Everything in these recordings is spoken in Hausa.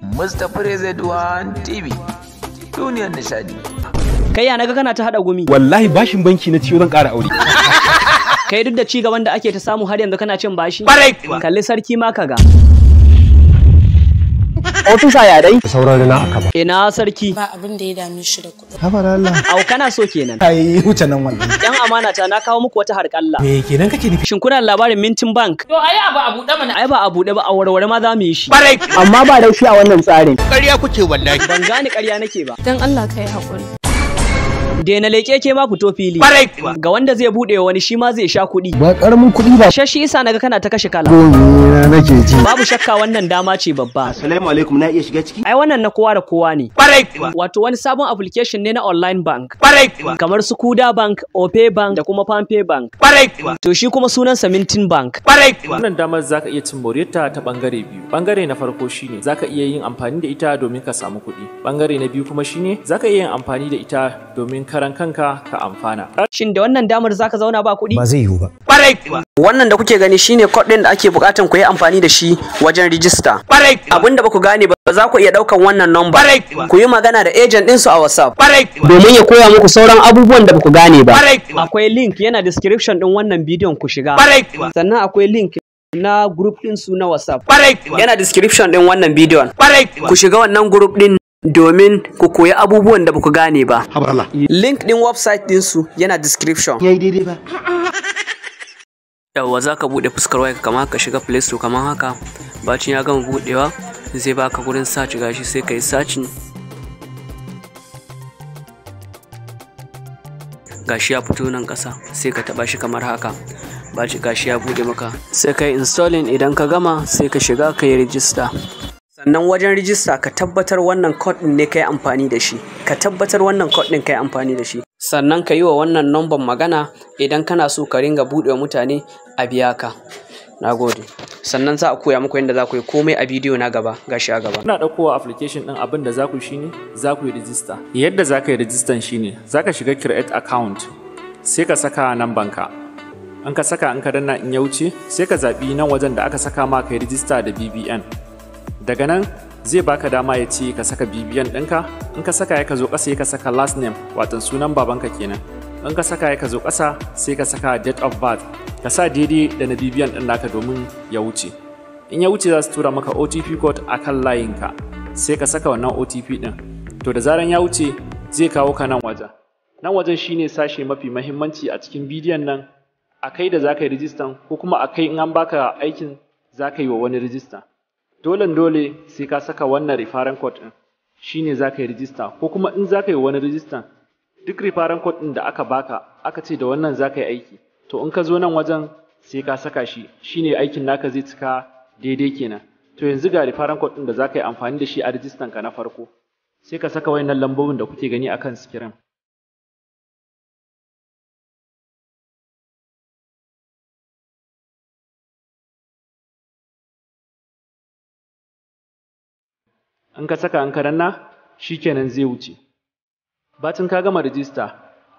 Mustapha Rezaid One TV duniyar nishadi. Kai ya naga kana ta hada gumi. Wallahi bashin banki na ciwo zan kara aure. Kai duk da ci gaban da ake ta samu har yanzu kana cin bashi? Kalli sarki ma ga. ofisa ya dai saurari na aka ba ina sarki ba abin da ya dame shi da kuɗi habar Allah au kana so kenan ai huce nan wannan yan amana ta na kawo muku wata harƙalla me kenan kake nufi shin kuna labarin mintin bank to ai abu a buɗe mana ai ba a buɗe ba a warware ma za mu yi shi amma ba da shi a wannan tsarin ƙarya kuke wallahi ban gane ƙarya nake ba dan Allah kai hakuri Dena leke ke ma fito fili. Ga wanda zai buɗe wani shi ma zai sha kuɗi. Ba ƙaramin kuɗi ba. Shashi isa naga kana ta kashe kala. nake ji. Babu shakka wannan dama ce babba. Assalamu alaikum na iya shiga ciki. Ai wannan na kowa da kowa ne. Wato wani sabon application ne na online bank. Kamar su Kuda bank, Ope bank da kuma Pampe bank. To shi kuma sunan sa Mintin bank. Wannan damar zaka iya cin moriyarta ta bangare biyu. Bangare na farko shine zaka iya yin amfani da ita domin ka samu kuɗi. Bangare na biyu kuma shine zaka iya yin amfani da ita domin karan kanka ka amfana. Shin da wannan damar zaka zauna ba kuɗi? Ba zai yiwu ba. Ƙwarai kuwa. Wannan da kuke gani shine code ɗin da ake buƙatan ku yi amfani da shi wajen rijista. Ƙwarai kuwa. Abin ba gane ba za ku iya ɗaukan wannan number. Ƙwarai kuwa. Ku yi magana da agent ɗin su a WhatsApp. Ƙwarai kuwa. Domin ya koya muku sauran abubuwan da ba gane ba. Ƙwarai kuwa. Akwai link yana description ɗin wannan bidiyon ku shiga. Ƙwarai kuwa. Sannan akwai link na group din su na WhatsApp. Yana description din wannan bidiyon. Ku shiga wannan group din domin ku koyi abubuwan da baku gane ba. Link ɗin website ɗinsu yana description. Ya yi daidai ba. Yawwa za ka buɗe fuskar waya kamar ka shiga Play Store kamar haka. Bacin ya gama buɗewa zai baka gurin search gashi sai ka yi searching. Gashi ya fito nan ƙasa sai ka taɓa shi kamar haka. shi gashi ya buɗe maka sai ka yi installing idan ka gama sai ka shiga ka yi register. sannan wajen rijista ka tabbatar wannan code ɗin ne ka yi amfani da shi ka tabbatar wannan code din ka yi amfani da shi sannan ka yi wa wannan number magana idan kana so ka ringa buɗe mutane a biya ka nagode sannan za a koya muku yadda za ku yi komai a bidiyo na gaba gashi a gaba ina ɗaukowa application ɗin abin da za ku shi ne za ku yi rijista yadda za ka yi rijistan shi ne za ka shiga create account sai ka saka nan banka in ka saka in ka danna in ya wuce sai ka zaɓi nan wajen da aka saka ma ka yi rijista da bbn daga nan zai baka dama ya ce ka saka bibiyan ɗinka in ka saka ya ka zo ƙasa ya ka saka last name watan sunan babanka kenan in ka saka ya ka zo ƙasa sai ka saka date of birth ka sa daidai da na bibiyan ɗin naka domin ya wuce in ya wuce za su tura maka otp code a kan layinka sai ka saka wannan otp ɗin to da zaran ya wuce zai kawo ka nan wajen nan wajen shine sashe mafi mahimmanci a cikin bidiyon nan a kai da za ka yi rijistan ko kuma a kai in an baka aikin za ka yi wa wani rijista dolen dole sai ka saka wannan referen code ɗin shi ne za ka yi rijista ko kuma in za ka yi wani rijistan duk referen code ɗin da aka baka aka ce da wannan za ka yi aiki to in ka zo nan wajen sai ka saka shi shi ne aikin naka zai cika daidai kenan to yanzu ga referen code ɗin da za ka yi amfani da shi a rijistan ka na farko sai ka saka wayannan lambobin da kuke gani akan sikirin in ka saka an karanna kenan zai wuce bacin ka gama rijista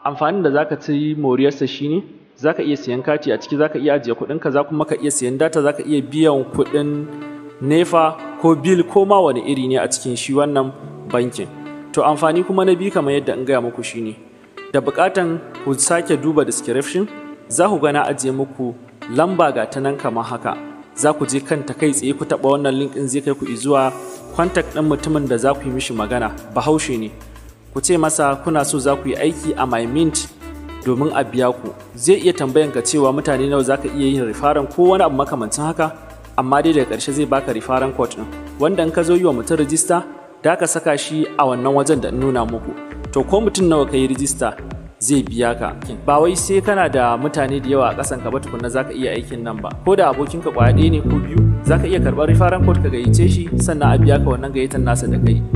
amfanin da zaka ci moriyarsa shine zaka iya siyan kati a ciki zaka iya ajiye kuɗin ka za kuma ka iya siyan data zaka iya biyan kuɗin nefa ko bil ko ma wani iri ne a cikin shi wannan bankin to amfani kuma na biyu kamar yadda in gaya muku shi ne. da buƙatan ku sake duba description za ku gana ajiye muku lamba ga ta nan kamar haka za ku je kanta kai tsaye ku taɓa wannan link ɗin zai kai ku zuwa kwantak ɗin mutumin da za ku yi mishi magana bahaushe ne ku ce masa kuna so za ku yi aiki a my mint domin a biya ku zai iya tambayan ka cewa mutane nawa za ka iya yin rifaran ko wani abu makamancin haka amma dai daga ƙarshe zai baka rifaran kot ɗin wanda in ka zo yi wa mutum rijista da ka saka shi a wannan wajen da in nuna muku to ko mutum nawa ka yi rijista zai biya ka ba wai sai kana da mutane da yawa a ƙasan ka ba tukunna ka iya aikin nan ba ko da abokinka ɗaya ne ko biyu za iya karɓar referral code ka gayyace shi sannan a biya ka wannan gayyatar nasa da kai